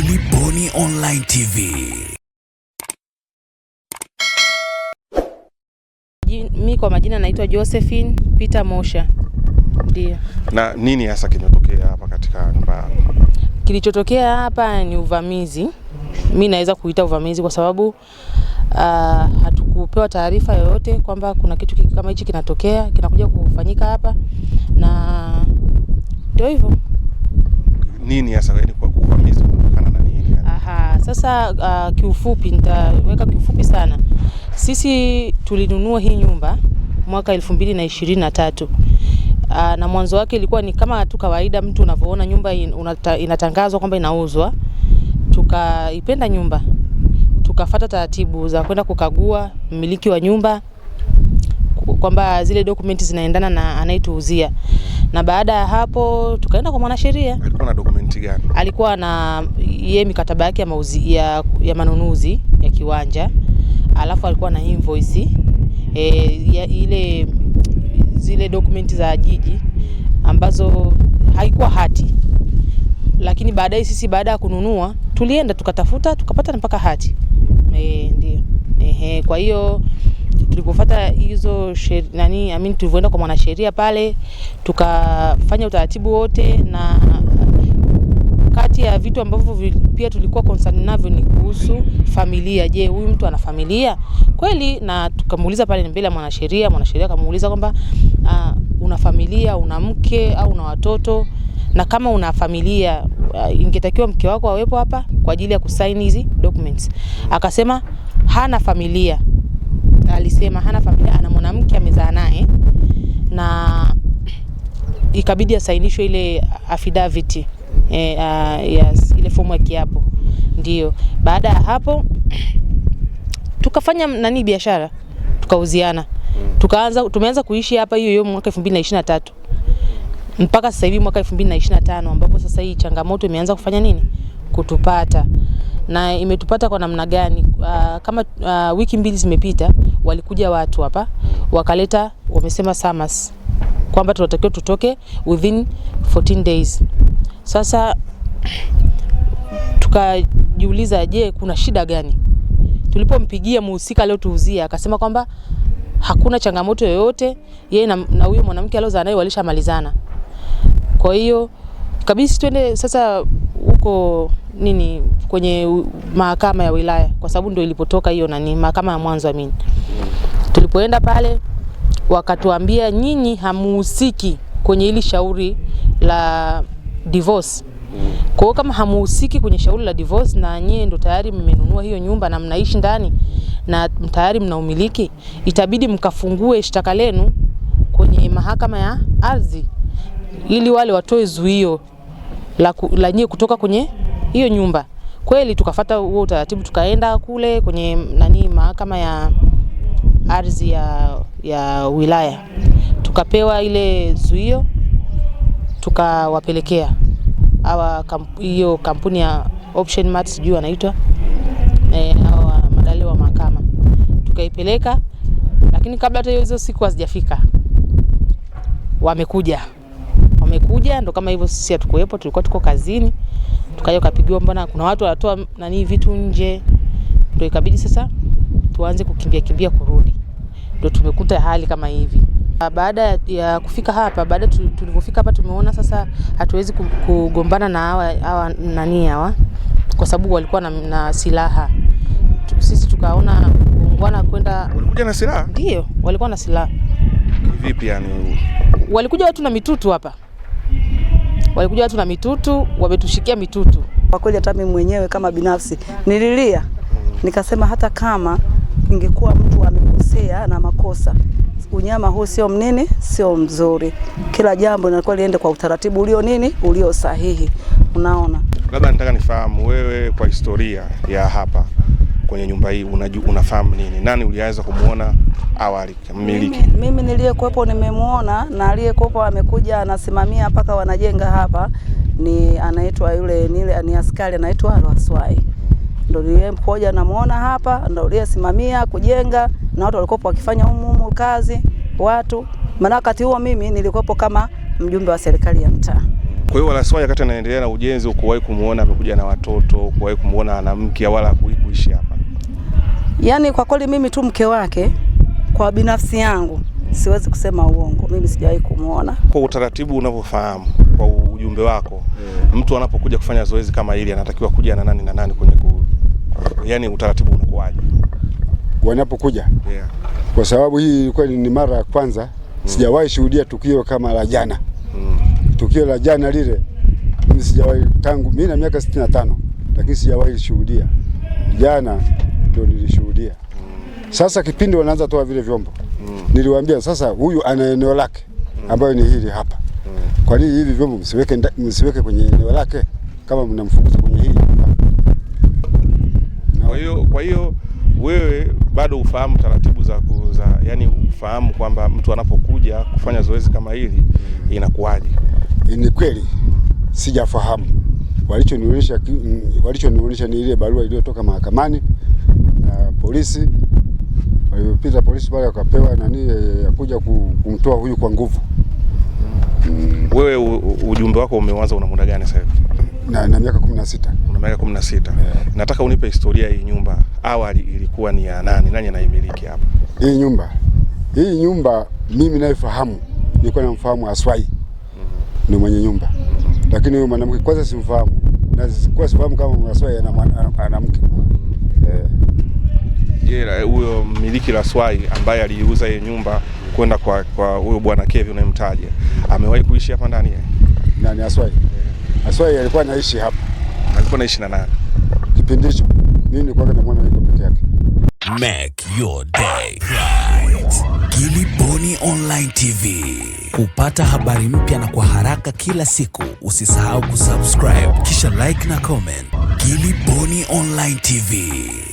Daily Boni Online TV. Mi kwa majina naitwa Josephine Peter Mosha. Ndio. Na nini hasa kimetokea hapa katika nyumba yako? Kilichotokea hapa ni uvamizi. Mi naweza kuita uvamizi kwa sababu uh, hatukupewa taarifa yoyote kwamba kuna kitu kama hichi kinatokea kinakuja kufanyika hapa, na ndio hivyo. Nini hasa yaani sasa uh, kiufupi nitaweka kiufupi sana. Sisi tulinunua hii nyumba mwaka elfu mbili na ishirini na tatu uh, na mwanzo wake ilikuwa ni kama tu kawaida mtu unavyoona nyumba in, unata, inatangazwa kwamba inauzwa. Tukaipenda nyumba tukafata taratibu za kwenda kukagua mmiliki wa nyumba kwamba zile dokumenti zinaendana na anayetuuzia. Na baada ya hapo tukaenda kwa mwanasheria. Alikuwa na dokumenti gani? Alikuwa na yeye mikataba yake ya mauzi, ya, ya manunuzi ya kiwanja, alafu alikuwa na invoice e, ya, ile zile dokumenti za jiji ambazo haikuwa hati, lakini baadaye sisi baada ya kununua tulienda tukatafuta tukapata mpaka hati e, ndio e, kwa hiyo tulipofuata hizo nani, I mean tulivyoenda kwa mwanasheria pale, tukafanya utaratibu wote, na kati ya vitu ambavyo pia tulikuwa concerned navyo ni kuhusu familia. Je, huyu mtu ana familia kweli? Na tukamuuliza pale mbele ya mwanasheria, mwanasheria akamuuliza kwamba uh, una familia, una mke au una watoto? Na kama una familia uh, ingetakiwa mke wako awepo hapa kwa ajili ya kusaini hizi documents. Akasema hana familia alisema hana familia, ana mwanamke amezaa naye, na ikabidi asainishwe ile affidavit eh, uh, ah, yes, ile fomu ya kiapo. Ndio baada ya hapo tukafanya nani biashara, tukauziana, tukaanza tumeanza kuishi hapa hiyo hiyo mwaka 2023 mpaka sasa hivi mwaka 2025 ambapo sasa hii changamoto imeanza kufanya nini kutupata na imetupata kwa namna gani? Uh, kama uh, wiki mbili zimepita, walikuja watu hapa wakaleta, wamesema SAMAS kwamba tunatakiwa tutoke within 14 days. Sasa tukajiuliza, je, kuna shida gani? Tulipompigia muhusika leo akasema kwamba hakuna changamoto yoyote, yeye na huyo mwanamke aliozaa naye walishamalizana. Kwa hiyo kabisa twende sasa huko nini kwenye mahakama ya wilaya, kwa sababu ndio ilipotoka hiyo nani mahakama ya mwanzo amini. Tulipoenda pale wakatuambia, nyinyi hamuhusiki kwenye hili shauri la divorce. Kwa hiyo kama hamuhusiki kwenye shauri la divorce na nyie ndo tayari mmenunua hiyo nyumba na mnaishi ndani na tayari mnaumiliki, itabidi mkafungue shtaka lenu kwenye mahakama ya ardhi ili wale watoe zuio la, la nyie kutoka kwenye hiyo nyumba. Kweli tukafata huo utaratibu, tukaenda kule kwenye nani mahakama ya ardhi ya, ya wilaya tukapewa ile zuio, tukawapelekea hawa hiyo kamp, kampuni ya Option Mart sijui wanaitwa e, hawa madalali wa mahakama tukaipeleka, lakini kabla hata hizo siku hazijafika wamekuja wamekuja, ndo kama hivyo. Sisi hatukuwepo, tulikuwa tuko kazini, tukaja kapigiwa, mbona kuna watu wanatoa nani vitu nje, ndo ikabidi sasa tuanze kukimbia kimbia kurudi, ndo tumekuta hali kama hivi. Baada ya kufika hapa, baada tulivyofika hapa, tumeona sasa hatuwezi kugombana na hawa hawa nani hawa, kwa sababu walikuwa na, na silaha. Sisi tukaona wana kwenda. Walikuja na silaha? Ndio, walikuwa na silaha. Vipi yani? Walikuja watu na mitutu hapa walikuja watu na mitutu, wametushikia mitutu. Kwa kweli hata mimi mwenyewe kama binafsi nililia, nikasema hata kama ningekuwa mtu amekosea na makosa, unyama huu sio mnene, sio mzuri. Kila jambo linakuwa liende kwa utaratibu ulio nini, ulio sahihi. Unaona, labda nataka nifahamu wewe, kwa historia ya hapa kwenye nyumba hii unajua, unafahamu nini? Nani uliweza kumuona awali mmiliki? Mimi, mimi niliyekuwepo nimemuona na aliyekuwepo amekuja anasimamia mpaka wanajenga hapa, ni anaitwa yule nile, ni askari anaitwa Lwaswai, ndo niliyemkoja namuona hapa, ndo uliyesimamia kujenga na watu walikuwepo wakifanya umumu kazi watu, maana wakati huo mimi nilikuwepo kama mjumbe wa serikali ya mtaa. Kwa hiyo Lwaswai wakati anaendelea na ujenzi, ukuwahi kumuona amekuja na watoto? Ukuwahi kumuona ana mke, wala kuishi hapa? Yaani kwa kweli mimi tu mke wake, kwa binafsi yangu siwezi kusema uongo, mimi sijawahi kumwona. Kwa utaratibu unavyofahamu, kwa ujumbe wako yeah. Mtu anapokuja kufanya zoezi kama hili anatakiwa kuja na nani na nani kwenye ku, yaani utaratibu unakuwaje wanapokuja? yeah. Kwa sababu hii ilikuwa ni mara ya kwanza mm. Sijawahi shuhudia tukio kama la jana mm. Tukio la jana lile mimi sijawahi tangu mimi na miaka 65 lakini sijawahi shuhudia jana ndio nilishuhudia. Sasa kipindi wanaanza toa vile vyombo niliwaambia, sasa huyu ana eneo lake ambayo ni hili hapa, kwa nini hivi vyombo msiweke msiweke kwenye eneo lake kama mnamfukuza kwenye hili Kwa hiyo kwa hiyo wewe bado ufahamu taratibu za kuza, yani ufahamu kwamba mtu anapokuja kufanya zoezi kama hili inakuwaje? Ni kweli sijafahamu, walichonionyesha walichonionyesha ni ile barua iliyotoka mahakamani na polisi. Walipita polisi pale wakapewa nani eh, ya kuja kumtoa huyu kwa nguvu. Mm. Wewe ujumbe wako umeanza una muda gani sasa? Na, na miaka 16. Una miaka 16. Yeah. Nataka unipe historia hii nyumba. Awali ilikuwa ni ya nani? Nani anaimiliki hapa? Hii nyumba. Hii nyumba mimi naifahamu. Nilikuwa namfahamu Aswai. Mm Ni mwenye nyumba. Mm Lakini huyo mwanamke kwanza simfahamu. Na kwa sababu kama Aswai ana mwanamke. Kagera, eh, huyo mmiliki Swai ambaye aliuza hiyo nyumba kwenda kwa kwa huyo bwana Kevin unayemtaja, amewahi kuishi hapa ndani nani? Aswai yeah. Aswai alikuwa anaishi hapa, alikuwa anaishi na nani kipindi hicho? Mimi kwa kana mwana yuko peke yake. Make your day right. Gilly Bonny Online TV, kupata habari mpya na kwa haraka kila siku, usisahau kusubscribe kisha like na comment. Gilly Bonny Online TV.